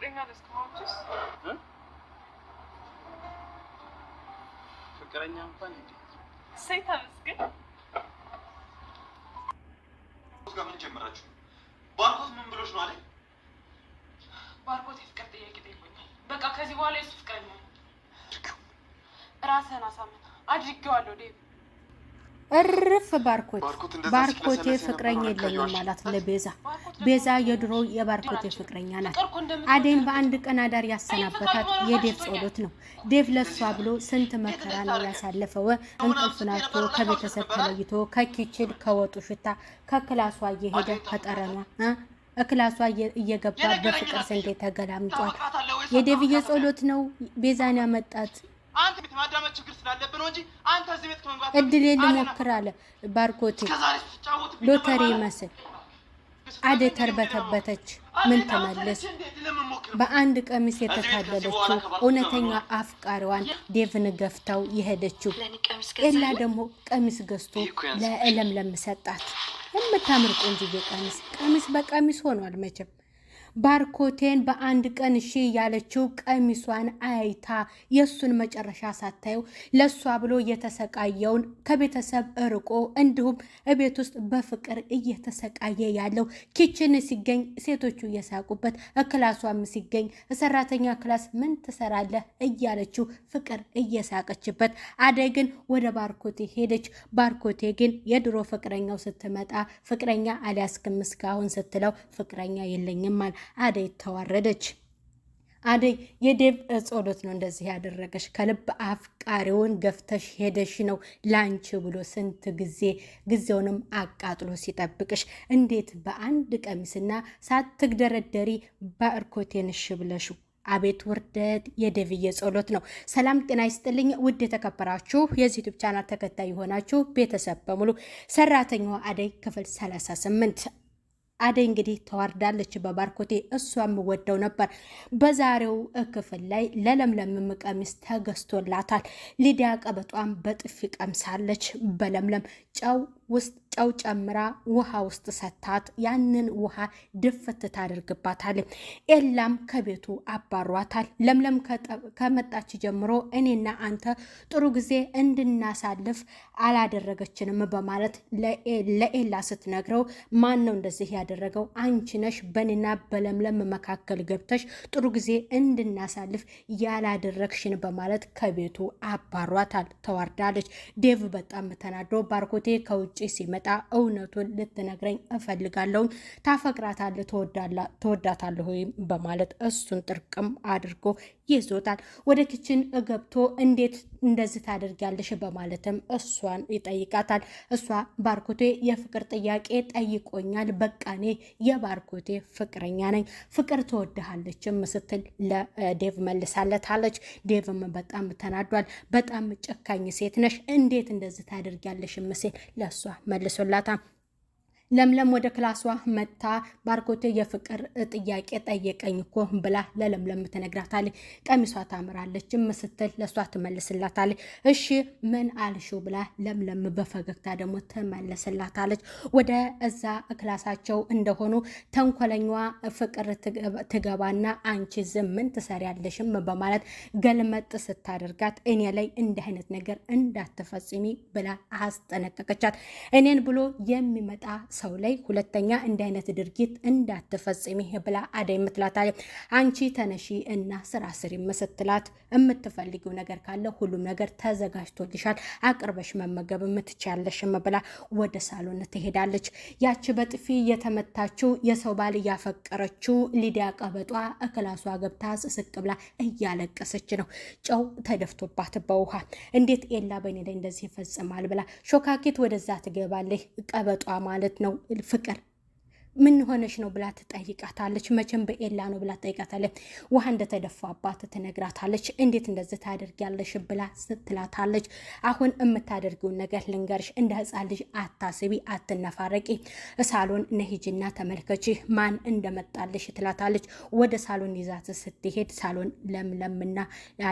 ፍቅረኛ ነህ እስካሁን? ፍቅረኛ እንኳን እሰይ ተመስገን። ምን ጀመራችሁ? ባርኮት ምን ብሎች ነው አለኝ። ባርኮት የፍቅር ጥያቄ ጠይቆኛል። በቃ ከዚህ በኋላ የሱ ፍቅረኛ ነው። ራስህን አሳምን አድርጌዋለሁ ዴቭ እርፍ ባርኮት ባርኮቴ ፍቅረኛ የለኝም አላት ለቤዛ። ቤዛ የድሮ የባርኮቴ ፍቅረኛ ናት። አዴን በአንድ ቀን አዳር ያሰናበታት የዴቭ ጸሎት ነው። ዴቭ ለሷ ብሎ ስንት መከራ ነው ያሳለፈው። እንቅልፍ ናቶ ከቤተሰብ ተለይቶ ከኪችን ከወጡ ሽታ ከክላሷ እየሄደ ከጠረኗ ክላሷ እየገባ በፍቅር ስንዴ ተገላምጧል። የዴቭ የጸሎት ነው ቤዛን ያመጣት አንተ ቤት ማዳመጥ ችግር ስላለብህ ነው እንጂ አንተ እዚህ ቤት ከመግባት እድሌን ልሞክር አለ ባርኮቴ። ሎተሪ መስል አደ ተርበተበተች። ምን ተመለስ በአንድ ቀሚስ የተታደለችው እውነተኛ አፍቃሪዋን ዴቭን ገፍተው የሄደችው ኤላ ደግሞ ቀሚስ ገዝቶ ለእለምለም ለምሰጣት የምታምር ቆንጅዬ ቀሚስ ቀሚስ በቀሚስ ሆኗል መቼም ባርኮቴን በአንድ ቀን እሺ ያለችው ቀሚሷን አይታ የእሱን መጨረሻ ሳታየው ለእሷ ብሎ የተሰቃየውን ከቤተሰብ እርቆ እንዲሁም እቤት ውስጥ በፍቅር እየተሰቃየ ያለው ኪችን ሲገኝ ሴቶቹ እየሳቁበት፣ ክላሷም ሲገኝ ሰራተኛ ክላስ ምን ትሰራለህ እያለችው ፍቅር እየሳቀችበት፣ አደይ ግን ወደ ባርኮቴ ሄደች። ባርኮቴ ግን የድሮ ፍቅረኛው ስትመጣ ፍቅረኛ አልያዝክም እስካሁን ስትለው ፍቅረኛ የለኝም አለ። አደይ ተዋረደች። አደይ የዴብ ጸሎት ነው እንደዚህ ያደረገሽ። ከልብ አፍቃሪውን ገፍተሽ ሄደሽ ነው ላንቺ ብሎ ስንት ጊዜ ጊዜውንም አቃጥሎ ሲጠብቅሽ እንዴት በአንድ ቀሚስና ሳትግደረደሪ በእርኮቴንሽ ብለሽ አቤት ውርደት! የደብዬ ጸሎት ነው። ሰላም ጤና ይስጥልኝ ውድ የተከበራችሁ የዚህ ዩቱብ ቻናል ተከታይ የሆናችሁ ቤተሰብ በሙሉ ሰራተኛዋ አደይ ክፍል 38 አደይ እንግዲህ ተዋርዳለች በባርኮቴ እሷ የምወደው ነበር። በዛሬው ክፍል ላይ ለለምለም ቀሚስ ተገዝቶላታል። ሊዲያ ቀበጧም በጥፊ ቀምሳለች። በለምለም ጨው ውስጥ ጨው ጨምራ ውሃ ውስጥ ሰታት። ያንን ውሃ ድፍት ታደርግባታል። ኤላም ከቤቱ አባሯታል። ለምለም ከመጣች ጀምሮ እኔና አንተ ጥሩ ጊዜ እንድናሳልፍ አላደረገችንም በማለት ለኤላ ስትነግረው ማን ነው እንደዚህ ያደረገው? አንቺ ነሽ በእኔና በለምለም መካከል ገብተሽ ጥሩ ጊዜ እንድናሳልፍ ያላደረግሽን በማለት ከቤቱ አባሯታል። ተዋርዳለች። ዴቭ በጣም ተናዶ ባርኮቴ ከውጭ ሲመ እንድትመጣ እውነቱን ልትነግረኝ እፈልጋለሁ። ታፈቅራታለህ፣ ትወዳታለህ ወይም በማለት እሱን ጥርቅም አድርጎ ይዞታል። ወደ ክችን ገብቶ እንዴት እንደዚህ ታደርጊያለሽ በማለትም እሷን ይጠይቃታል። እሷ ባርኮቴ የፍቅር ጥያቄ ጠይቆኛል፣ በቃኔ የባርኮቴ ፍቅረኛ ነኝ፣ ፍቅር ትወድሃለችም ስትል ለዴቭ መልሳለታለች። ዴቭም በጣም ተናዷል። በጣም ጨካኝ ሴት ነሽ፣ እንዴት እንደዚህ ታደርጊያለሽም ሲል ለእሷ መልሶላታል። ለምለም ወደ ክላሷ መታ ባርኮቴ የፍቅር ጥያቄ ጠየቀኝ እኮ ብላ ለለምለም ትነግራታለች። ቀሚሷ ታምራለች ስትል ለእሷ ትመልስላታለች። እሺ ምን አልሽው ብላ ለምለም በፈገግታ ደግሞ ትመልስላታለች። ወደ እዛ ክላሳቸው እንደሆኑ ተንኮለኛዋ ፍቅር ትገባና አንቺ ዝም ምን ትሰሪያለሽም በማለት ገልመጥ ስታደርጋት እኔ ላይ እንዲህ አይነት ነገር እንዳትፈጽሚ ብላ አስጠነቀቀቻት። እኔን ብሎ የሚመጣ ሰው ላይ ሁለተኛ እንዲህ አይነት ድርጊት እንዳትፈጽሚ ብላ አደይ የምትላታለች። አንቺ ተነሺ እና ስራ ስሪ ምስትላት የምትፈልጊው ነገር ካለ ሁሉም ነገር ተዘጋጅቶልሻል፣ አቅርበሽ መመገብ የምትችያለሽም ብላ ወደ ሳሎን ትሄዳለች። ያቺ በጥፊ የተመታችው የሰው ባል እያፈቀረችው ሊዲያ ቀበጧ እክላሷ ገብታ ስቅ ብላ እያለቀሰች ነው። ጨው ተደፍቶባት በውሃ እንዴት ኤላ በእኔ ላይ እንደዚህ ይፈጽማል ብላ ሾካኪት ወደዛ ትገባለች። ቀበጧ ማለት ነው ነው ፍቅር ምን ሆነሽ ነው ብላ ትጠይቃታለች። መቼም በኤላ ነው ብላ ትጠይቃታለች። ውሃ እንደተደፋባት ትነግራታለች። እንዴት እንደዚህ ታደርጊያለሽ ብላ ስትላታለች። አሁን የምታደርጊውን ነገር ልንገርሽ፣ እንደ ሕፃን ልጅ አታስቢ፣ አትነፋረቂ። ሳሎን ነሂጅና ተመልከች ማን እንደመጣልሽ ትላታለች። ወደ ሳሎን ይዛት ስትሄድ ሳሎን ለምለምና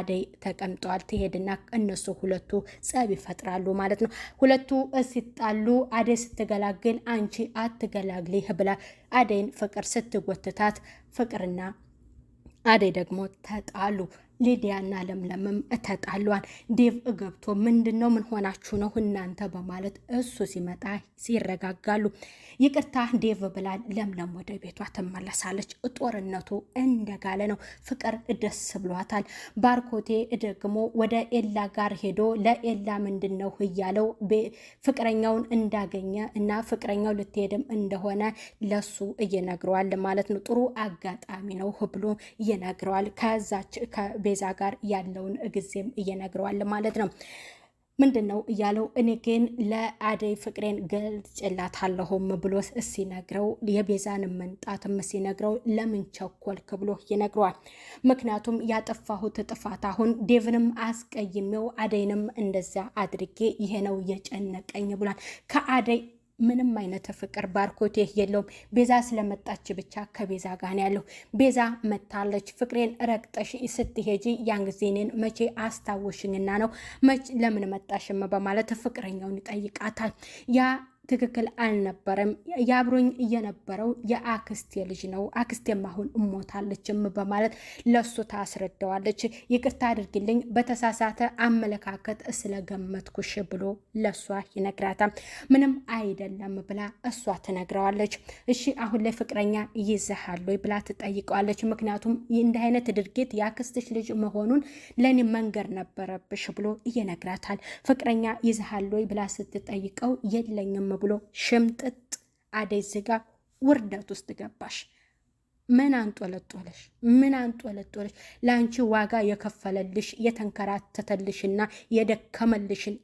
አደይ ተቀምጠዋል። ትሄድና እነሱ ሁለቱ ጸብ ይፈጥራሉ ማለት ነው። ሁለቱ ሲጣሉ አደይ ስትገላግል አንቺ አትገላግሊ ብላ ብላ አደይን ፍቅር ስትጎትታት ፍቅርና አደይ ደግሞ ተጣሉ። ሊዲያና ለምለምም እተጣሏል። ዴቭ ገብቶ ምንድን ነው ምን ሆናችሁ ነው እናንተ በማለት እሱ ሲመጣ ሲረጋጋሉ። ይቅርታ ዴቭ ብላ ለምለም ወደ ቤቷ ትመለሳለች። ጦርነቱ እንደጋለ ነው። ፍቅር ደስ ብሏታል። ባርኮቴ ደግሞ ወደ ኤላ ጋር ሄዶ ለኤላ ምንድን ነው እያለው ፍቅረኛውን እንዳገኘ እና ፍቅረኛው ልትሄድም እንደሆነ ለሱ እየነግረዋል ማለት ነው። ጥሩ አጋጣሚ ነው ብሎ ይነግረዋል። ከዛች ቤዛ ጋር ያለውን ጊዜም እየነግረዋል ማለት ነው። ምንድን ነው እያለው እኔ ግን ለአደይ ፍቅሬን ገልጬላታለሁም ብሎ ሲነግረው የቤዛን መምጣትም ሲነግረው ለምን ቸኮልክ ብሎ ይነግረዋል። ምክንያቱም ያጠፋሁት ጥፋት አሁን ዴቭንም አስቀይሜው አደይንም እንደዚያ አድርጌ ይሄ ነው የጨነቀኝ ብሏል። ከአደይ ምንም አይነት ፍቅር ባርኮቴ የለውም። ቤዛ ስለመጣች ብቻ ከቤዛ ጋር ነው ያለው። ቤዛ መታለች፣ ፍቅሬን ረግጠሽ ስትሄጂ ያን ጊዜኔን መቼ አስታወሽኝና ነው ለምን መጣሽም በማለት ፍቅረኛውን ይጠይቃታል ያ ትክክል አልነበረም። የአብሮኝ የነበረው የአክስቴ ልጅ ነው፣ አክስቴም አሁን እሞታለችም በማለት ለሱ ታስረዳዋለች። ይቅርታ አድርግልኝ በተሳሳተ አመለካከት ስለገመትኩሽ ብሎ ለሷ ይነግራታል። ምንም አይደለም ብላ እሷ ትነግረዋለች። እሺ አሁን ላይ ፍቅረኛ ይዘሃል ወይ ብላ ትጠይቀዋለች። ምክንያቱም እንዲህ አይነት ድርጊት የአክስትሽ ልጅ መሆኑን ለእኔ መንገር ነበረብሽ ብሎ ይነግራታል። ፍቅረኛ ይዘሃል ወይ ብላ ስትጠይቀው የለኝም ብሎ ሽምጥጥ አደይ ዝጋ ውርደት ውስጥ ገባሽ። ምን አንጦለጦለሽ? ምን አንጦለጦለሽ? ለአንቺ ዋጋ የከፈለልሽ የተንከራተተልሽና የደከመልሽን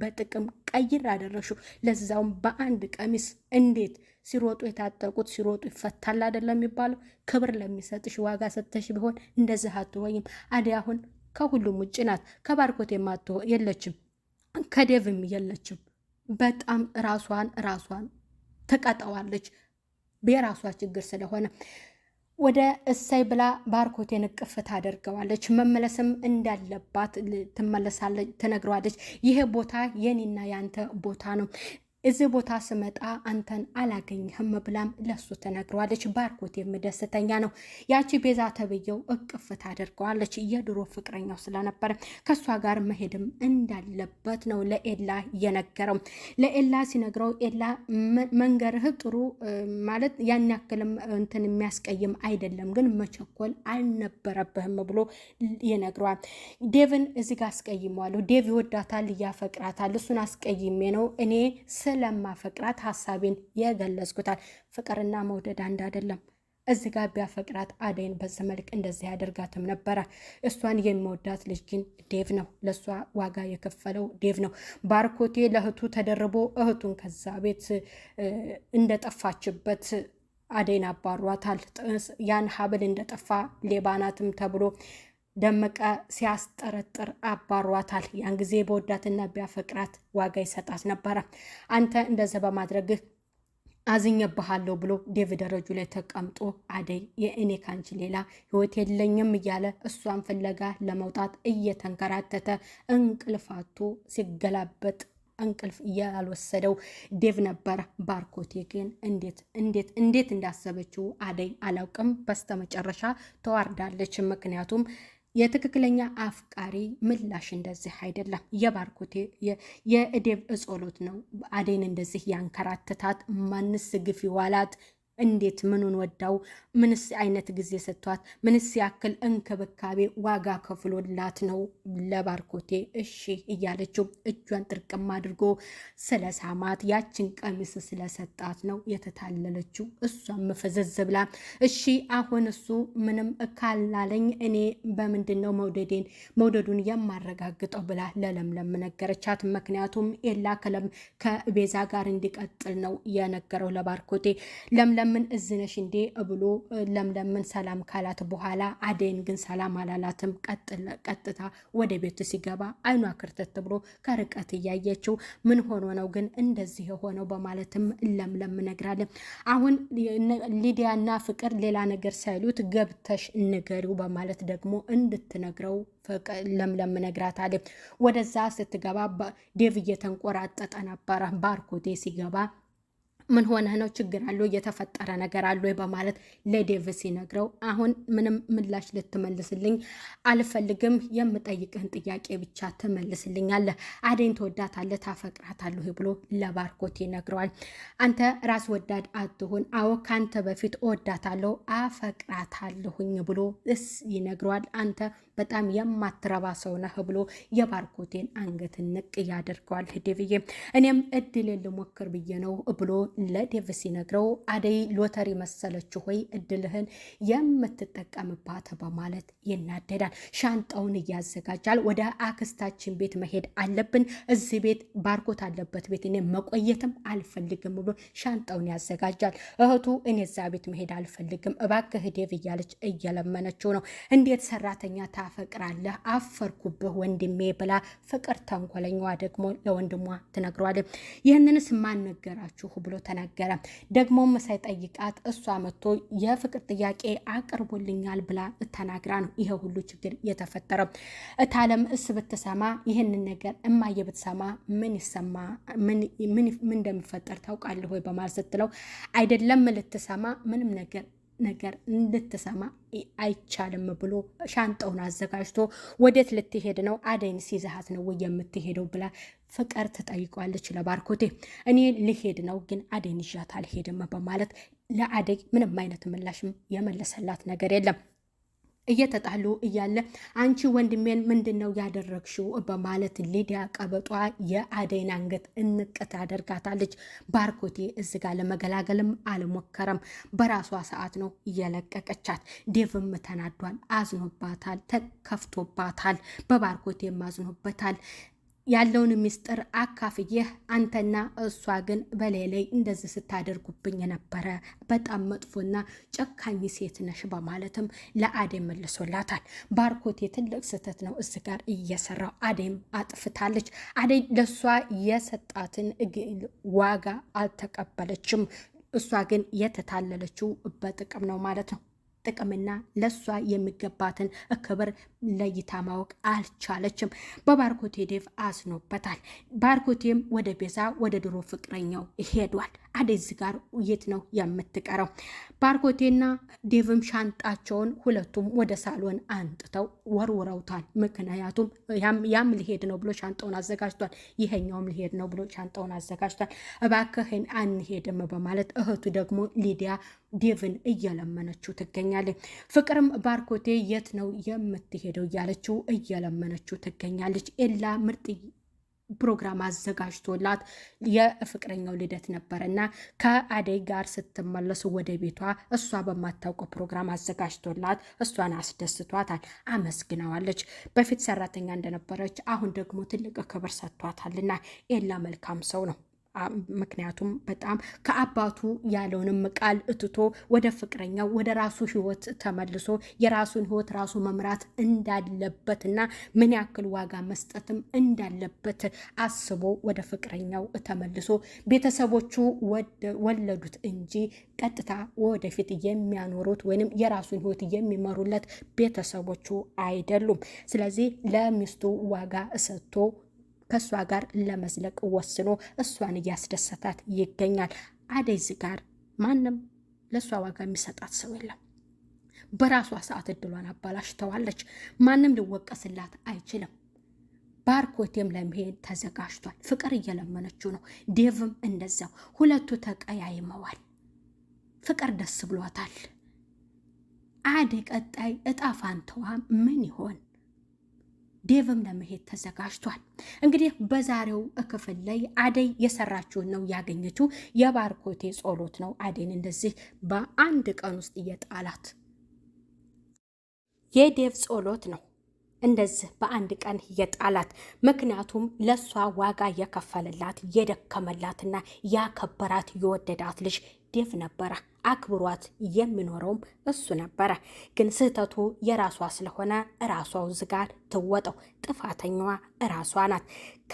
በጥቅም ቀይር አደረሹ። ለዛውም በአንድ ቀሚስ። እንዴት ሲሮጡ የታጠቁት ሲሮጡ ይፈታል አይደለም የሚባለው? ክብር ለሚሰጥሽ ዋጋ ሰጥተሽ ቢሆን እንደዚህ አትወይም። አደይ አሁን ከሁሉም ውጭ ናት። ከባርኮት የማትሆ የለችም፣ ከዴቭም የለችም። በጣም ራሷን ራሷን ትቀጠዋለች የራሷ ችግር ስለሆነ ወደ እሰይ ብላ ባርኮቴን እቅፍ ታደርገዋለች። መመለስም እንዳለባት ትመለሳለች፣ ትነግረዋለች። ይሄ ቦታ የኔና ያንተ ቦታ ነው፣ እዚህ ቦታ ስመጣ አንተን አላገኝህም ብላም ለሱ ተነግረዋለች። ባርኮቴም ደስተኛ ነው። ያቺ ቤዛ ተብየው እቅፍት አድርገዋለች። የድሮ ፍቅረኛው ስለነበረ ከእሷ ጋር መሄድም እንዳለበት ነው ለኤላ የነገረው ለኤላ ሲነግረው ኤላ መንገርህ ጥሩ ማለት ያን ያክልም እንትን የሚያስቀይም አይደለም፣ ግን መቸኮል አልነበረብህም ብሎ ይነግረዋል። ዴቭን እዚህ ጋር አስቀይመዋለሁ። ዴቭ ይወዳታል፣ እያፈቅራታል። እሱን አስቀይሜ ነው እኔ ስለ ስለማፈቅራት ሀሳቤን የገለጽኩታል። ፍቅርና መውደድ አንድ አይደለም። እዚህ ጋር ቢያፈቅራት አደይን በዚህ መልክ እንደዚህ ያደርጋትም ነበረ። እሷን የሚወዳት ልጅ ግን ዴቭ ነው። ለእሷ ዋጋ የከፈለው ዴቭ ነው። ባርኮቴ ለእህቱ ተደርቦ እህቱን ከዛ ቤት እንደጠፋችበት አደይን አባሯታል። ያን ሀብል እንደጠፋ ሌባናትም ተብሎ ደመቀ ሲያስጠረጥር አባሯታል። ያን ጊዜ በወዳትና ቢያፈቅራት ዋጋ ይሰጣት ነበረ። አንተ እንደዚህ በማድረግህ አዝኜብሃለሁ ብሎ ዴቪድ ደረጁ ላይ ተቀምጦ አደይ የእኔ ካንቺ ሌላ ህይወት የለኝም እያለ እሷን ፍለጋ ለመውጣት እየተንከራተተ እንቅልፋቱ ሲገላበጥ እንቅልፍ ያልወሰደው ዴቭ ነበረ። ባርኮቴ ግን እንዴት እንዴት እንዴት እንዳሰበችው አደይ አላውቅም። በስተመጨረሻ ተዋርዳለች። ምክንያቱም የትክክለኛ አፍቃሪ ምላሽ እንደዚህ አይደለም። የባርኮቴ የእዴብ ጸሎት ነው አዴን እንደዚህ ያንከራትታት ማንስ ግፊ ዋላት እንዴት ምኑን ወዳው ምንስ አይነት ጊዜ ሰጥቷት ምንስ ያክል እንክብካቤ ዋጋ ከፍሎላት ነው ለባርኮቴ እሺ እያለችው እጇን ጥርቅም አድርጎ ስለ ሳማት ያችን ቀሚስ ስለሰጣት ነው የተታለለችው። እሷን መፈዘዝ ብላ እሺ አሁን እሱ ምንም ካላለኝ እኔ በምንድን ነው መውደዴን መውደዱን የማረጋግጠው ብላ ለለምለም ነገረቻት። ምክንያቱም ኤላ ከለም ከቤዛ ጋር እንዲቀጥል ነው የነገረው ለባርኮቴ ለምለም ለምን እዝነሽ እንዴ ብሎ ለምለምን ሰላም ካላት በኋላ አደይን ግን ሰላም አላላትም። ቀጥታ ወደ ቤት ሲገባ አይኗ ክርተት ብሎ ከርቀት እያየችው ምን ሆኖ ነው ግን እንደዚህ የሆነው በማለትም ለምለም ነግራለን። አሁን ሊዲያና ፍቅር ሌላ ነገር ሳይሉት ገብተሽ ንገሪው በማለት ደግሞ እንድትነግረው ለምለም ነግራታለች። ወደዛ ስትገባ ዴቭ እየተንቆራጠጠ ነበረ። ባርኮቴ ሲገባ ምን ሆነ ነው? ችግር አለ? የተፈጠረ ነገር አለ በማለት ለዴቭ ሲነግረው አሁን ምንም ምላሽ ልትመልስልኝ አልፈልግም፣ የምጠይቅህን ጥያቄ ብቻ አለ። አደይን ትወዳታለህ፣ ታፈቅራታለህ ብሎ ለባርኮት ይነግረዋል። አንተ ራስ ወዳድ አትሁን፣ አዎ ከአንተ በፊት እወዳታለሁ፣ አፈቅራታለሁኝ ብሎ እስ ይነግረዋል። አንተ በጣም የማትረባ ሰው ነህ ብሎ የባርኮቴን አንገት ንቅ ያደርገዋል። ዴቭዬ እኔም እድሌን ልሞክር ብዬ ነው ብሎ ለዴቭ ሲነግረው አደይ ሎተሪ መሰለችው ሆይ እድልህን የምትጠቀምባት በማለት ይናደዳል። ሻንጣውን እያዘጋጃል። ወደ አክስታችን ቤት መሄድ አለብን፣ እዚህ ቤት ባርኮት አለበት ቤት እኔ መቆየትም አልፈልግም ብሎ ሻንጣውን ያዘጋጃል። እህቱ እኔ እዛ ቤት መሄድ አልፈልግም እባክህ ዴቭ እያለች እየለመነችው ነው። እንዴት ሰራተኛ ታፈቅራለህ? አፈርኩብህ ወንድሜ ብላ ፍቅር ተንኮለኛዋ ደግሞ ለወንድሟ ትነግረዋለች። ይህንንስ ማን ነገራችሁ ብሎ ተናገረ። ደግሞም ሳይጠይቃት እሷ መጥቶ የፍቅር ጥያቄ አቅርቦልኛል ብላ ተናግራ ነው ይሄ ሁሉ ችግር የተፈጠረው። እታለም እስ ብትሰማ ይህንን ነገር እማየ ብትሰማ ምን ይሰማ ምን እንደሚፈጠር ታውቃለህ ወይ በማለት ስትለው አይደለም ልትሰማ ምንም ነገር ነገር እንድትሰማ አይቻልም ብሎ ሻንጣውን አዘጋጅቶ ወዴት ልትሄድ ነው? አደይን ሲዛሃት ነው የምትሄደው ብላ ፍቅር ትጠይቋለች ለባርኮቴ። እኔ ልሄድ ነው ግን አደይን ይዣት አልሄድም በማለት ለአደይ ምንም አይነት ምላሽም የመለሰላት ነገር የለም። እየተጣሉ እያለ አንቺ ወንድሜን ምንድን ነው ያደረግሽው? በማለት ሊዲያ ቀበጧ የአደይን አንገት እንቅት አደርጋታለች። ባርኮቴ እዚ ጋር ለመገላገልም አልሞከረም። በራሷ ሰዓት ነው እየለቀቀቻት። ዴቭም ተናዷል፣ አዝኖባታል፣ ተከፍቶባታል። በባርኮቴም አዝኖበታል። ያለውን ምስጢር አካፍዬህ አንተና እሷ ግን በሌለይ እንደዚህ ስታደርጉብኝ ነበረ። በጣም መጥፎና ጨካኝ ሴት ነሽ በማለትም ለአደይ መልሶላታል። ባርኮት የትልቅ ስህተት ነው እዚህ ጋር እየሰራው አደይም አጥፍታለች። አደይ ለእሷ የሰጣትን ዋጋ አልተቀበለችም። እሷ ግን የተታለለችው በጥቅም ነው ማለት ነው። ጥቅምና ለሷ የሚገባትን ክብር ለይታ ማወቅ አልቻለችም። በባርኮቴ ዴቭ አዝኖበታል። ባርኮቴም ወደ ቤዛ ወደ ድሮ ፍቅረኛው ሄዷል። አደዚ ጋር የት ነው የምትቀረው? ባርኮቴና ዴቭም ሻንጣቸውን ሁለቱም ወደ ሳሎን አንጥተው ወርውረውታል። ምክንያቱም ያም ሊሄድ ነው ብሎ ሻንጣውን አዘጋጅቷል፣ ይሄኛውም ሊሄድ ነው ብሎ ሻንጣውን አዘጋጅቷል። እባክህን አንሄድም በማለት እህቱ ደግሞ ሊዲያ ዴቭን እየለመነችው ትገኛለች። ፍቅርም ባርኮቴ የት ነው የምትሄደው እያለችው እየለመነችው ትገኛለች። ኤላ ምርጥ ፕሮግራም አዘጋጅቶላት የፍቅረኛው ልደት ነበር እና ከአደይ ጋር ስትመለሱ ወደ ቤቷ እሷ በማታውቀው ፕሮግራም አዘጋጅቶላት እሷን አስደስቷታል፣ አመስግነዋለች። በፊት ሰራተኛ እንደነበረች አሁን ደግሞ ትልቅ ክብር ሰጥቷታልና ኤላ መልካም ሰው ነው። ምክንያቱም በጣም ከአባቱ ያለውንም ቃል እትቶ ወደ ፍቅረኛው ወደ ራሱ ህይወት ተመልሶ የራሱን ህይወት ራሱ መምራት እና ምን ያክል ዋጋ መስጠትም እንዳለበት አስቦ ወደ ፍቅረኛው ተመልሶ ቤተሰቦቹ ወለዱት እንጂ ቀጥታ ወደፊት የሚያኖሩት ወይንም የራሱን ህይወት የሚመሩለት ቤተሰቦቹ አይደሉም። ስለዚህ ለሚስቱ ዋጋ ሰጥቶ ከእሷ ጋር ለመዝለቅ ወስኖ እሷን እያስደሰታት ይገኛል። አደይ ጋር ማንም ለእሷ ዋጋ የሚሰጣት ሰው የለም። በራሷ ሰዓት እድሏን አባላሽተዋለች። ማንም ሊወቀስላት አይችልም። ባርኮቴም ለመሄድ ተዘጋጅቷል። ፍቅር እየለመነችው ነው። ዴቭም እንደዛው። ሁለቱ ተቀያይመዋል። ፍቅር ደስ ብሏታል። አደይ ቀጣይ እጣ ፋንታዋ ምን ይሆን? ዴቭም ለመሄድ ተዘጋጅቷል። እንግዲህ በዛሬው ክፍል ላይ አደይ የሰራችውን ነው ያገኘችው። የባርኮቴ ጸሎት ነው አደይን እንደዚህ በአንድ ቀን ውስጥ እየጣላት የዴቭ ጸሎት ነው እንደዚህ በአንድ ቀን የጣላት። ምክንያቱም ለእሷ ዋጋ የከፈለላት የደከመላትና ያከበራት የወደዳት ልጅ ዴፍ ነበረ። አክብሯት የሚኖረውም እሱ ነበረ። ግን ስህተቱ የራሷ ስለሆነ ራሷው ዝጋር ትወጠው። ጥፋተኛዋ ራሷ ናት።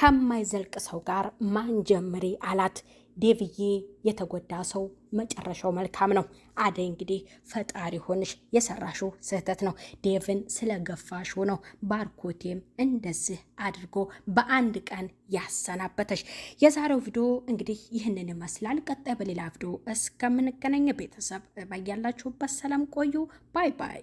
ከማይዘልቅ ሰው ጋር ማን ጀምሪ አላት። ዴቭዬ የተጎዳ ሰው መጨረሻው መልካም ነው። አደይ እንግዲህ ፈጣሪ ሆንሽ፣ የሰራሽው ስህተት ነው። ዴቭን ስለገፋሽው ነው ባርኮቴም እንደዚህ አድርጎ በአንድ ቀን ያሰናበተሽ። የዛሬው ቪዲዮ እንግዲህ ይህንን ይመስላል። ቀጣይ በሌላ ቪዲዮ እስከምንገናኝ ቤተሰብ ባያላችሁበት ሰላም ቆዩ። ባይ ባይ።